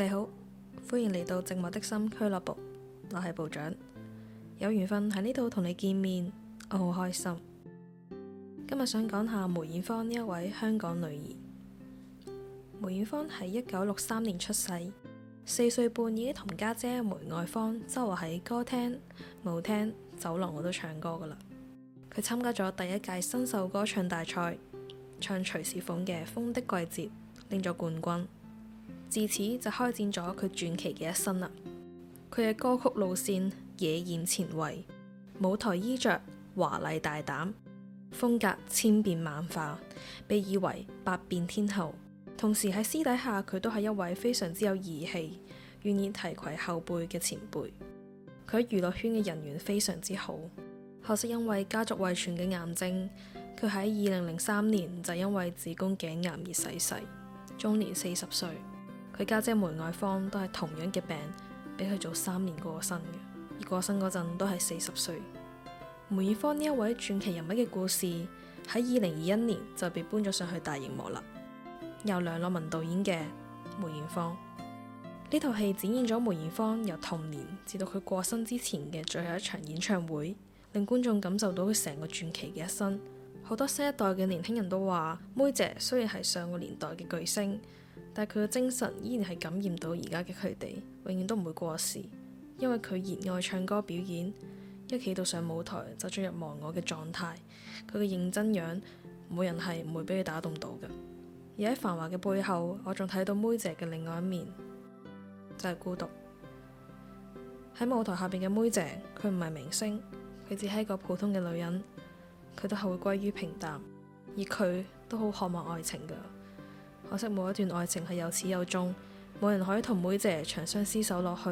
你好，歡迎嚟到寂寞的心俱樂部，我係部長，有緣分喺呢度同你見面，我好開心。今日想講下梅艷芳呢一位香港女兒。梅艷芳喺一九六三年出世，四歲半已經同家姐姐梅愛芳周圍喺歌廳、舞廳、走廊我都唱歌㗎喇。佢參加咗第一屆新秀歌唱大賽，唱徐小鳳嘅《風的季節》，拎咗冠軍。自此就開展咗佢傳奇嘅一生啦。佢嘅歌曲路線野艷前衛，舞台衣着華麗大膽，風格千變萬化，被譽為百變天后。同時喺私底下，佢都係一位非常之有義氣、願意提携後輩嘅前輩。佢喺娛樂圈嘅人緣非常之好。可惜因為家族遺傳嘅癌症，佢喺二零零三年就因為子宮頸癌而逝世，終年四十歲。佢家姐姐梅愛芳都係同樣嘅病，俾佢做三年過身嘅，而過身嗰陣都係四十歲。梅艷芳呢一位傳奇人物嘅故事喺二零二一年就被搬咗上去大螢幕，啦，由梁樂民導演嘅《梅艷芳》呢套戲展現咗梅艷芳由童年至到佢過身之前嘅最後一場演唱會，令觀眾感受到佢成個傳奇嘅一生。好多新一代嘅年輕人都話，妹姐雖然係上個年代嘅巨星，但佢嘅精神依然係感染到而家嘅佢哋，永遠都唔會過時，因為佢熱愛唱歌表演，一企到上舞台就進入忘我嘅狀態。佢嘅認真樣，冇人係唔會俾佢打動到嘅。而喺繁華嘅背後，我仲睇到妹姐嘅另外一面，就係孤獨。喺舞台下面嘅妹姐，佢唔係明星，佢只係一個普通嘅女人，佢都係會歸於平淡，而佢都好渴望愛情噶。可惜冇一段愛情係有始有終，冇人可以同梅姐長相廝守落去。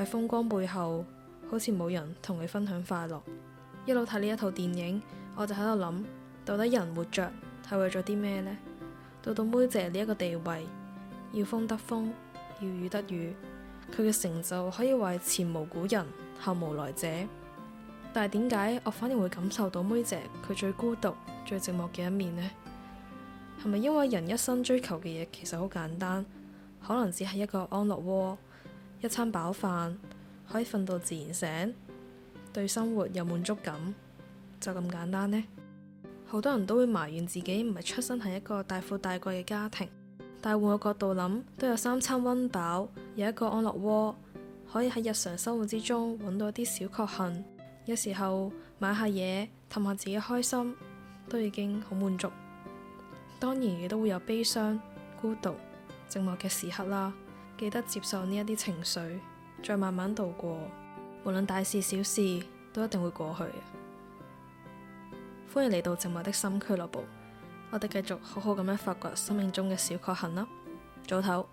喺風光背後，好似冇人同佢分享快樂。一路睇呢一套電影，我就喺度諗，到底人活着係為咗啲咩呢？到到梅姐呢一個地位，要風得風，要雨得雨，佢嘅成就可以話係前無古人後無來者。但係點解我反而會感受到梅姐佢最孤獨、最寂寞嘅一面呢？係咪因為人一生追求嘅嘢其實好簡單，可能只係一個安樂窩，一餐飽飯，可以瞓到自然醒，對生活有滿足感，就咁簡單呢？好多人都會埋怨自己唔係出身喺一個大富大貴嘅家庭，但係換個角度諗，都有三餐温飽，有一個安樂窩，可以喺日常生活之中揾到一啲小確幸，有時候買下嘢氹下自己開心，都已經好滿足。當然亦都會有悲傷、孤獨、寂寞嘅時刻啦，記得接受呢一啲情緒，再慢慢度過。無論大事小事，都一定會過去嘅。歡迎嚟到寂寞的心俱樂部，我哋繼續好好咁樣發掘生命中嘅小確幸啦。早唞。